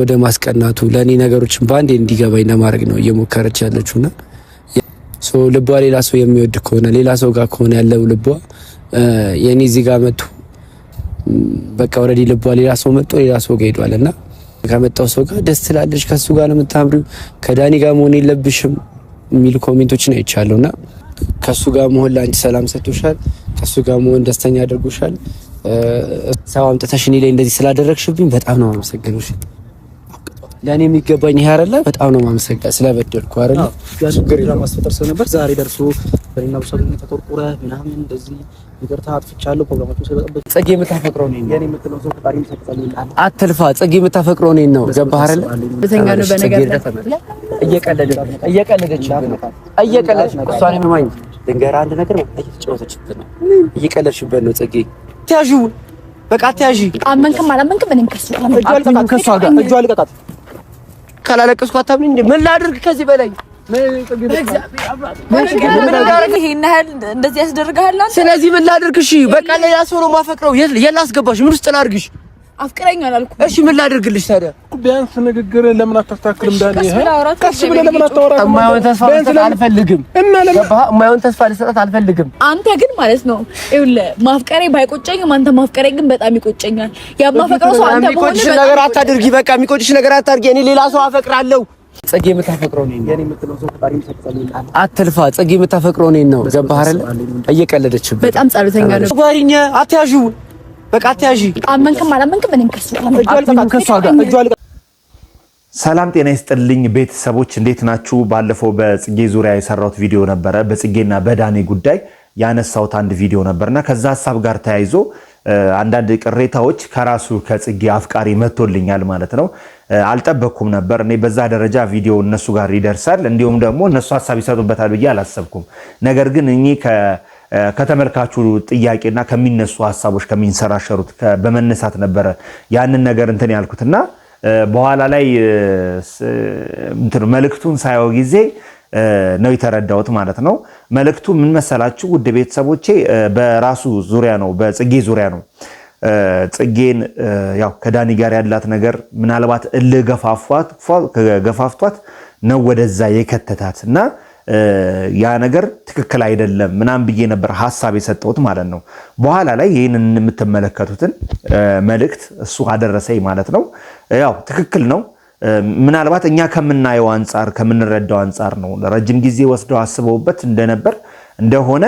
ወደ ማስቀናቱ ለእኔ ነገሮችን በአንዴ እንዲገባኝ ለማድረግ ነው እየሞከረች ያለችውና ልቧ ሌላ ሰው የሚወድ ከሆነ ሌላ ሰው ጋር ከሆነ ያለው ልቧ የእኔ እዚህ ጋር መጥቶ በቃ ወረዲ ልቧ ሌላ ሰው መጥቶ ሌላ ሰው ጋር ሄዷል እና ከመጣው ሰው ጋር ደስ ትላለች፣ ከሱ ጋር ነው የምታምሪው፣ ከዳኒ ጋር መሆን የለብሽም የሚሉ ኮሜንቶችን አይቻለሁ እና ከሱ ጋር መሆን ለአንቺ ሰላም ሰጥቶሻል፣ ከሱ ጋር መሆን ደስተኛ አድርጎሻል። ሰው አምጥተሽ እኔ ላይ እንደዚህ ስላደረግሽብኝ በጣም ነው አመሰግነሽ። ለእኔ የሚገባኝ ይሄ አይደለ? በጣም ነው ማመሰግን ስለበደልኩ አይደለ? ችግር ለማስፈጠር ስለነበር ዛሬ ደርሶ በእኔና ብሰብ ተቆርቁረ ምናምን እንደዚህ ይቅርታ አጥፍቻለሁ። ፕሮግራማችን ስለጠበቅ ጽጌ የምታፈቅረው ነው የኔ የምትለው ሰው ፈጣሪ ይሰጣል። አትልፋ። ጽጌ የምታፈቅረው ነው ነው። ገባህ አይደለ? በተኛ ነው በነገር እየቀለደች እየቀለደች እየቀለደች እሷን የማኝ ድንገራ አንድ ነገር እየተጫወተችበት ነው። እየቀለድሽበት ነው ጽጌ ተያዥው በቃ ተያዥ። አመንክም አላመንክም እኔም ከሱ ጋር እጇ ልቀቃት ካላለቀስኩ አታምኝ። ምን ላድርግ ከዚህ በላይ እንደዚህ ያስደርግሃል። ስለዚህ ምን ላድርግ? እሺ በቃ ሌላ ሰው ነው የማፈቅረው። የት ምን ውስጥ ላድርግሽ? አፍቅረኛ አላልኩም። እሺ ምን ላድርግልሽ ታዲያ? ቢያንስ ንግግር ለምን አታስተካክልም? ይሄ ቀስ ብለህ ለምን አታወራ? የማይሆን ተስፋ ልሰጥ አልፈልግም እና ለምን የማይሆን ተስፋ ልሰጥ አልፈልግም። አንተ ግን ማለት ነው ይኸውልህ፣ ማፍቀሬ ባይቆጨኝም አንተ ማፍቀሬ ግን በጣም ይቆጨኛል። የማፈቅረው ሰው አንተ ቆጭሽ ነገር አታድርጊ። በቃ የሚቆጭሽ ነገር አታድርጊ። እኔ ሌላ ሰው አፈቅራለሁ። ጽጌ የምታፈቅረው የምትለው ሰው እኔን ነው አትልፋ። ጽጌ የምታፈቅረው እኔን ነው። ገባህ አይደል? እየቀለደችብህ በጣም ጸሎተኛ ነው። ጓሪኛ አትያዥው በቃ አትያዥ። አመንክም አላመንክም እኔን ከሱ ሰላም ጤና ይስጥልኝ ቤተሰቦች እንዴት ናችሁ? ባለፈው በጽጌ ዙሪያ የሰራሁት ቪዲዮ ነበረ። በጽጌና በዳኔ ጉዳይ ያነሳሁት አንድ ቪዲዮ ነበርና ከዛ ሀሳብ ጋር ተያይዞ አንዳንድ ቅሬታዎች ከራሱ ከጽጌ አፍቃሪ መጥቶልኛል ማለት ነው። አልጠበቅኩም ነበር እኔ በዛ ደረጃ ቪዲዮ እነሱ ጋር ይደርሳል፣ እንዲሁም ደግሞ እነሱ ሀሳብ ይሰጡበታል ብዬ አላሰብኩም። ነገር ግን እኚህ ከተመልካቹ ጥያቄና ከሚነሱ ሀሳቦች ከሚንሰራሸሩት በመነሳት ነበረ ያንን ነገር እንትን ያልኩትና በኋላ ላይ መልእክቱን ሳየው ጊዜ ነው የተረዳሁት ማለት ነው። መልእክቱ ምን መሰላችሁ ውድ ቤተሰቦቼ? በራሱ ዙሪያ ነው፣ በጽጌ ዙሪያ ነው። ጽጌን ያው ከዳኒ ጋር ያላት ነገር ምናልባት እልህ ገፋፏት ነው ወደዛ የከተታት እና ያ ነገር ትክክል አይደለም ምናምን ብዬ ነበር ሀሳብ የሰጠሁት ማለት ነው። በኋላ ላይ ይህንን የምትመለከቱትን መልእክት እሱ አደረሰኝ ማለት ነው። ያው ትክክል ነው። ምናልባት እኛ ከምናየው አንጻር ከምንረዳው አንጻር ነው። ረጅም ጊዜ ወስደው አስበውበት እንደነበር እንደሆነ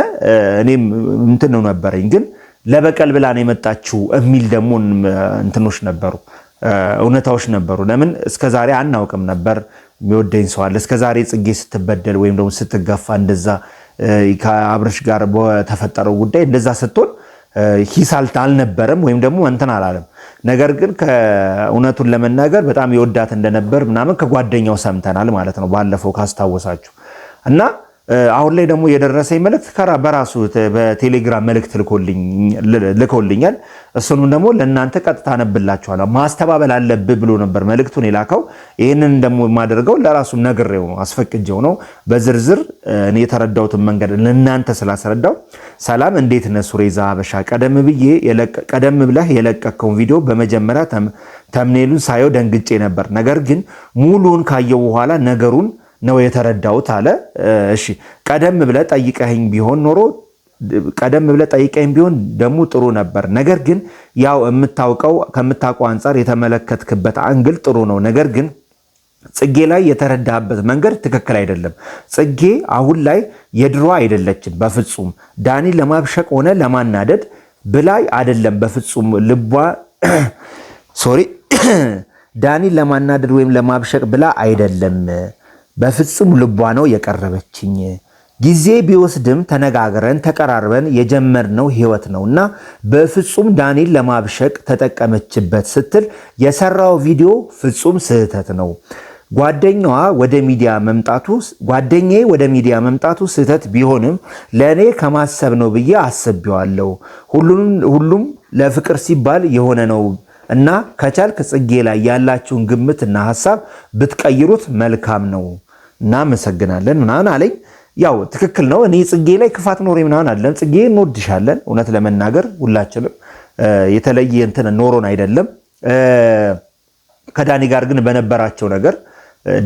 እኔም እንትን ነው ነበረኝ። ግን ለበቀል ብላን የመጣችው የሚል ደግሞ እንትኖች ነበሩ፣ እውነታዎች ነበሩ። ለምን እስከዛሬ አናውቅም ነበር የሚወደኝ ሰው አለ። እስከ ዛሬ ጽጌ ስትበደል ወይም ደግሞ ስትገፋ እንደዛ ከአብርሽ ጋር በተፈጠረው ጉዳይ እንደዛ ስትሆን ሂስ አልነበረም ወይም ደግሞ እንትን አላለም። ነገር ግን እውነቱን ለመናገር በጣም የወዳት እንደነበር ምናምን ከጓደኛው ሰምተናል ማለት ነው፣ ባለፈው ካስታወሳችሁ እና አሁን ላይ ደግሞ የደረሰኝ መልእክት ከራ በራሱ በቴሌግራም መልእክት ልኮልኛል። እሱኑን ደግሞ ለእናንተ ቀጥታ አነብላችኋለሁ። ማስተባበል አለብህ ብሎ ነበር መልእክቱን የላከው። ይህንን ደግሞ የማደርገው ለራሱ ነግሬው ነው አስፈቅጀው ነው በዝርዝር እኔ የተረዳሁትን መንገድ ለእናንተ ስላስረዳው። ሰላም እንዴት ነህ ሱሬዛ ሀበሻ፣ ቀደም ብዬ ቀደም ብለህ የለቀከውን ቪዲዮ በመጀመሪያ ተምኔሉን ሳየው ደንግጬ ነበር። ነገር ግን ሙሉን ካየው በኋላ ነገሩን ነው የተረዳሁት አለ። እሺ ቀደም ብለህ ጠይቀኸኝ ቢሆን ኖሮ ቀደም ብለህ ጠይቀኝ ቢሆን ደግሞ ጥሩ ነበር። ነገር ግን ያው የምታውቀው ከምታውቀው አንጻር የተመለከትክበት አንግል ጥሩ ነው። ነገር ግን ጽጌ ላይ የተረዳህበት መንገድ ትክክል አይደለም። ጽጌ አሁን ላይ የድሮ አይደለችም በፍጹም። ዳኒ ለማብሸቅ ሆነ ለማናደድ ብላይ አይደለም በፍጹም ልቧ ሶሪ ዳኒ ለማናደድ ወይም ለማብሸቅ ብላ አይደለም። በፍጹም ልቧ ነው የቀረበችኝ። ጊዜ ቢወስድም ተነጋግረን ተቀራርበን የጀመርነው ህይወት ነውና በፍጹም ዳኒን ለማብሸቅ ተጠቀመችበት ስትል የሰራው ቪዲዮ ፍጹም ስህተት ነው። ጓደኛዋ ወደ ሚዲያ መምጣቱ ጓደኛዬ ወደ ሚዲያ መምጣቱ ስህተት ቢሆንም ለእኔ ከማሰብ ነው ብዬ አስቤዋለሁ። ሁሉም ለፍቅር ሲባል የሆነ ነው እና ከቻልክ ጽጌ ላይ ያላችሁን ግምትና ሀሳብ ብትቀይሩት መልካም ነው፣ እናመሰግናለን ምናምን አለኝ። ያው ትክክል ነው። እኔ ጽጌ ላይ ክፋት ኖሬ ምናምን አይደለም። ጽጌ እንወድሻለን። እውነት ለመናገር ሁላችንም የተለየ እንትን ኖሮን አይደለም። ከዳኒ ጋር ግን በነበራቸው ነገር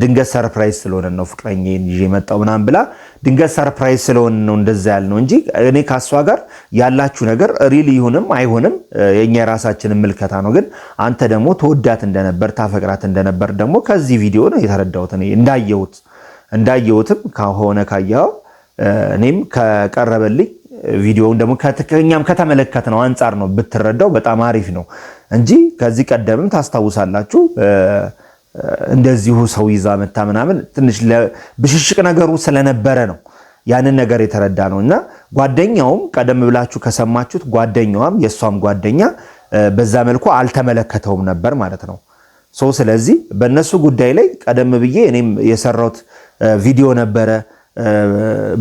ድንገት ሰርፕራይዝ ስለሆነ ነው ፍቅረኛዬን ይዤ መጣው ምናምን ብላ ድንገት ሰርፕራይዝ ስለሆነ ነው እንደዛ ያልነው እንጂ እኔ ካሷ ጋር ያላችሁ ነገር ሪል ይሁንም አይሆንም የኛ የራሳችንን ምልከታ ነው። ግን አንተ ደግሞ ተወዳት እንደነበር ታፈቅራት እንደነበር ደግሞ ከዚህ ቪዲዮ ነው የተረዳሁት እንዳየሁት እንዳየሁትም ከሆነ ካየኸው እኔም ከቀረበልኝ ቪዲዮውን ደግሞ ከኛም ከተመለከት ነው አንጻር ነው ብትረዳው በጣም አሪፍ ነው እንጂ ከዚህ ቀደምም ታስታውሳላችሁ እንደዚሁ ሰው ይዛ መታ ምናምን ትንሽ ብሽሽቅ ነገሩ ስለነበረ ነው ያንን ነገር የተረዳ ነው። እና ጓደኛውም ቀደም ብላችሁ ከሰማችሁት ጓደኛዋም የእሷም ጓደኛ በዛ መልኩ አልተመለከተውም ነበር ማለት ነው። ስለዚህ በእነሱ ጉዳይ ላይ ቀደም ብዬ እኔም የሰራሁት ቪዲዮ ነበረ።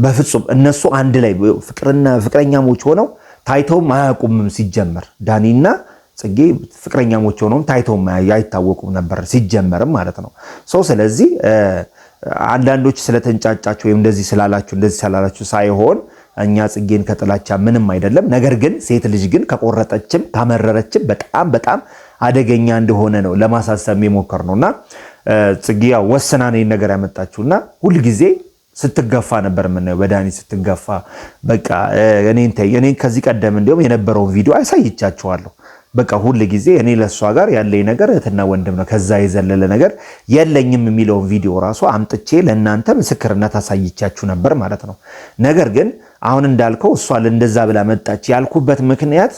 በፍጹም እነሱ አንድ ላይ ፍቅርና ፍቅረኛሞች ሆነው ታይተውም አያውቁምም ሲጀመር ዳኒና ጽጌ ፍቅረኛሞች ሆኖም ታይተውም አይታወቁም ነበር ሲጀመርም ማለት ነው ሰው ስለዚህ አንዳንዶች ስለተንጫጫችሁ ወይም እንደዚህ ስላላችሁ እንደዚህ ስላላችሁ ሳይሆን እኛ ጽጌን ከጥላቻ ምንም አይደለም። ነገር ግን ሴት ልጅ ግን ከቆረጠችም ካመረረችም በጣም በጣም አደገኛ እንደሆነ ነው ለማሳሰብ የሞከር ነው እና ጽጌ ወስና ነው ነገር ያመጣችሁ እና ሁልጊዜ ስትገፋ ነበር የምናየው። በዳኒ ስትገፋ በቃ እኔን ከዚህ ቀደም እንዲሁም የነበረውን ቪዲዮ አሳይቻችኋለሁ። በቃ ሁል ጊዜ እኔ ለእሷ ጋር ያለኝ ነገር እህትና ወንድም ነው፣ ከዛ የዘለለ ነገር የለኝም የሚለውን ቪዲዮ ራሱ አምጥቼ ለእናንተ ምስክርነት አሳይቻችሁ ነበር ማለት ነው። ነገር ግን አሁን እንዳልከው እሷ እንደዛ ብላ መጣች ያልኩበት ምክንያት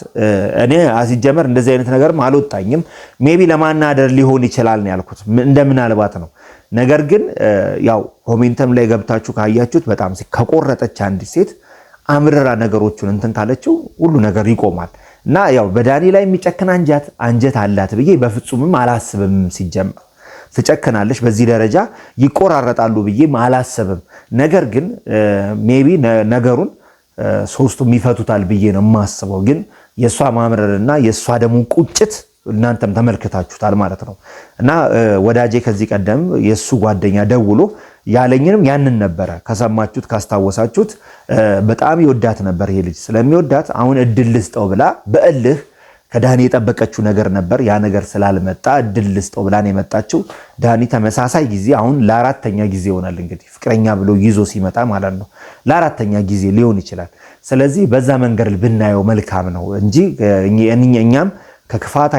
እኔ ሲጀመር እንደዚህ አይነት ነገርም አልወጣኝም፣ ሜቢ ለማናደር ሊሆን ይችላል ነው ያልኩት፣ እንደ ምናልባት ነው። ነገር ግን ያው ኮሜንተም ላይ ገብታችሁ ካያችሁት በጣም ከቆረጠች አንዲት ሴት አምርራ ነገሮቹን እንትን ካለችው ሁሉ ነገር ይቆማል። እና ያው በዳኒ ላይ የሚጨክን አንጀት አንጀት አላት ብዬ በፍጹምም አላስብም። ሲጀመር ትጨክናለች በዚህ ደረጃ ይቆራረጣሉ ብዬም አላስብም ነገር ግን ሜቢ ነገሩን ሶስቱም ይፈቱታል ብዬ ነው የማስበው። ግን የእሷ ማምረርና የእሷ ደግሞ ቁጭት እናንተም ተመልክታችሁታል ማለት ነው እና ወዳጄ ከዚህ ቀደም የእሱ ጓደኛ ደውሎ ያለኝንም ያንን ነበረ። ከሰማችሁት ካስታወሳችሁት በጣም ይወዳት ነበር ይሄ ልጅ። ስለሚወዳት አሁን እድል ልስጠው ብላ በእልህ ከዳኒ የጠበቀችው ነገር ነበር። ያ ነገር ስላልመጣ እድል ልስጠው ብላ ነው የመጣችው። ዳኒ ተመሳሳይ ጊዜ አሁን ለአራተኛ ጊዜ ይሆናል እንግዲህ ፍቅረኛ ብሎ ይዞ ሲመጣ ማለት ነው። ለአራተኛ ጊዜ ሊሆን ይችላል። ስለዚህ በዛ መንገድ ብናየው መልካም ነው እንጂ እኛም ከክፋት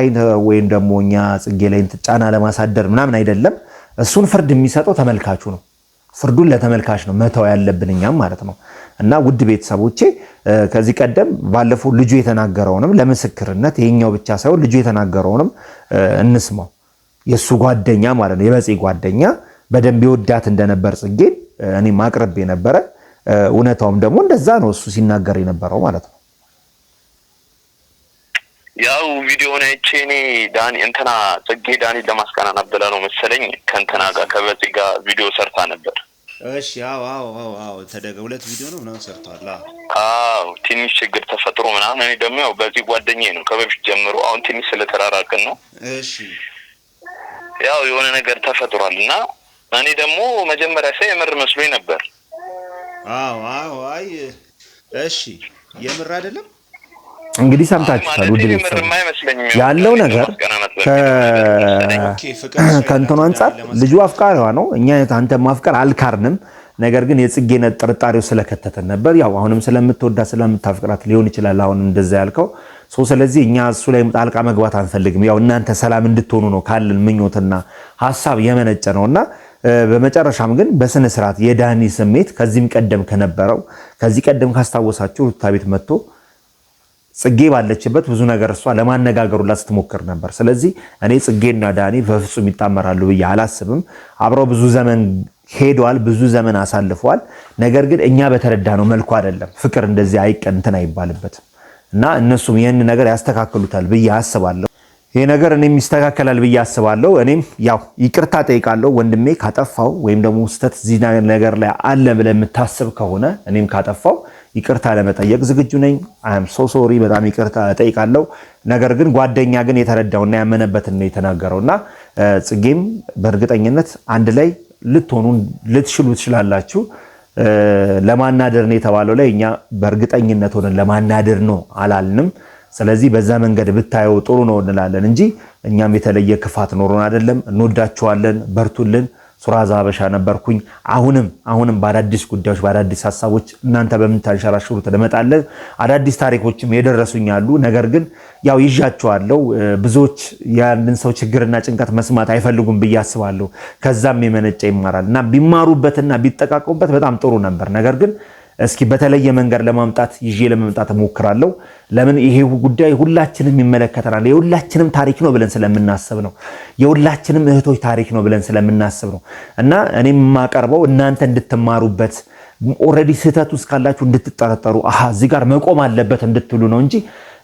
ወይም ደግሞ እኛ ጽጌ ላይ ጫና ለማሳደር ምናምን አይደለም። እሱን ፍርድ የሚሰጠው ተመልካቹ ነው። ፍርዱን ለተመልካች ነው መተው ያለብን እኛም ማለት ነው። እና ውድ ቤተሰቦቼ ከዚህ ቀደም ባለፈው ልጁ የተናገረውንም ለምስክርነት ይሄኛው ብቻ ሳይሆን ልጁ የተናገረውንም እንስማው። የእሱ ጓደኛ ማለት ነው የበፄ ጓደኛ በደንብ የወዳት እንደነበር ጽጌን እኔ ማቅረብ የነበረ እውነታውም ደግሞ እንደዛ ነው እሱ ሲናገር የነበረው ማለት ነው። ያው ቪዲዮውን አይቼ እኔ ዳኒ እንትና ጽጌ ዳኒ ለማስቀናናት ብላ ነው መሰለኝ ከእንትና ጋር ከበጽ ጋር ቪዲዮ ሰርታ ነበር። እሺ አዎ ተደገ ሁለት ቪዲዮ ነው ምናምን ሰርተዋል። አዎ ትንሽ ችግር ተፈጥሮ ምናምን እኔ ደግሞ ያው በዚህ ጓደኛ ነው ከበፊት ጀምሮ፣ አሁን ትንሽ ስለተራራቅን ነው። እሺ ያው የሆነ ነገር ተፈጥሯል እና እኔ ደግሞ መጀመሪያ ሳይ የምር መስሎኝ ነበር። አዎ አዎ አይ እሺ የምር አይደለም እንግዲህ ሰምታችሁታል። ውድ ቤተሰብ ያለው ነገር ከእንትኑ አንጻር ልጁ አፍቃሪዋ ነው። እኛ አንተ ማፍቀር አልካርንም። ነገር ግን የጽጌነት ጥርጣሬው ስለከተተን ነበር። ያው አሁንም ስለምትወዳ ስለምታፍቅራት ሊሆን ይችላል አሁን እንደዛ ያልከው ስለዚህ እኛ እሱ ላይ ጣልቃ መግባት አንፈልግም። ያው እናንተ ሰላም እንድትሆኑ ነው ካለን ምኞትና ሀሳብ የመነጨ እና በመጨረሻም ግን በስነስርዓት የዳኒ ስሜት ከዚህም ቀደም ከነበረው ከዚህ ቀደም ካስታወሳችሁ ሩታ ቤት መጥቶ ጽጌ ባለችበት ብዙ ነገር እሷ ለማነጋገሩላት ስትሞክር ነበር። ስለዚህ እኔ ጽጌና ዳኒ በፍጹም ይጣመራሉ ብዬ አላስብም። አብረው ብዙ ዘመን ሄደዋል፣ ብዙ ዘመን አሳልፈዋል። ነገር ግን እኛ በተረዳ ነው መልኩ አይደለም ፍቅር እንደዚህ አይቀን እንትን አይባልበትም እና እነሱም ይህን ነገር ያስተካክሉታል ብዬ አስባለሁ። ይህ ነገር እኔም ይስተካከላል ብዬ አስባለሁ። እኔም ያው ይቅርታ ጠይቃለሁ ወንድሜ ካጠፋው ወይም ደግሞ ስህተት እዚህ ነገር ላይ አለ ብለህ የምታስብ ከሆነ እኔም ካጠፋው ይቅርታ ለመጠየቅ ዝግጁ ነኝ። አም ሶ ሶሪ በጣም ይቅርታ እጠይቃለሁ። ነገር ግን ጓደኛ ግን የተረዳውና ያመነበትን ነው እና ጽጌም በእርግጠኝነት አንድ ላይ ልትሆኑ ልትችሉ ትችላላችሁ። ለማናደር ነው የተባለው ላይ እኛ በእርግጠኝነት ሆነን ለማናደር ነው አላልንም። ስለዚህ በዛ መንገድ ብታየው ጥሩ ነው እንላለን እንጂ እኛም የተለየ ክፋት ኖሮን አይደለም። እንወዳችኋለን። በርቱልን። ሱራዛ ሀበሻ ነበርኩኝ። አሁንም አሁንም በአዳዲስ ጉዳዮች በአዳዲስ ሀሳቦች እናንተ በምታንሸራሽሩ ተደመጣለ አዳዲስ ታሪኮችም የደረሱኝ አሉ። ነገር ግን ያው ይዣቸዋለው። ብዙዎች የአንድን ሰው ችግርና ጭንቀት መስማት አይፈልጉም ብዬ አስባለሁ። ከዛም የመነጨ ይማራል እና ቢማሩበትና ቢጠቃቀሙበት በጣም ጥሩ ነበር ነገር ግን እስኪ በተለየ መንገድ ለማምጣት ይዤ ለመምጣት እሞክራለሁ። ለምን ይሄ ጉዳይ ሁላችንም ይመለከተናል። የሁላችንም ታሪክ ነው ብለን ስለምናስብ ነው። የሁላችንም እህቶች ታሪክ ነው ብለን ስለምናስብ ነው እና እኔም የማቀርበው እናንተ እንድትማሩበት ኦልሬዲ ስህተት ውስጥ ካላችሁ እንድትጠረጠሩ አሃ እዚህ ጋር መቆም አለበት እንድትሉ ነው እንጂ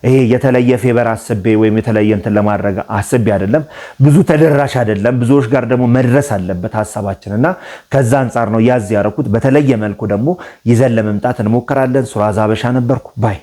ይሄ የተለየ ፌቨር አስቤ ወይም የተለየ እንትን ለማድረግ አስቤ አይደለም። ብዙ ተደራሽ አይደለም። ብዙዎች ጋር ደግሞ መድረስ አለበት ሀሳባችን እና ከዛ አንጻር ነው ያዝ ያረኩት። በተለየ መልኩ ደግሞ ይዘን ለመምጣት እንሞክራለን። ሱራዛ ሀበሻ ነበርኩ ባይ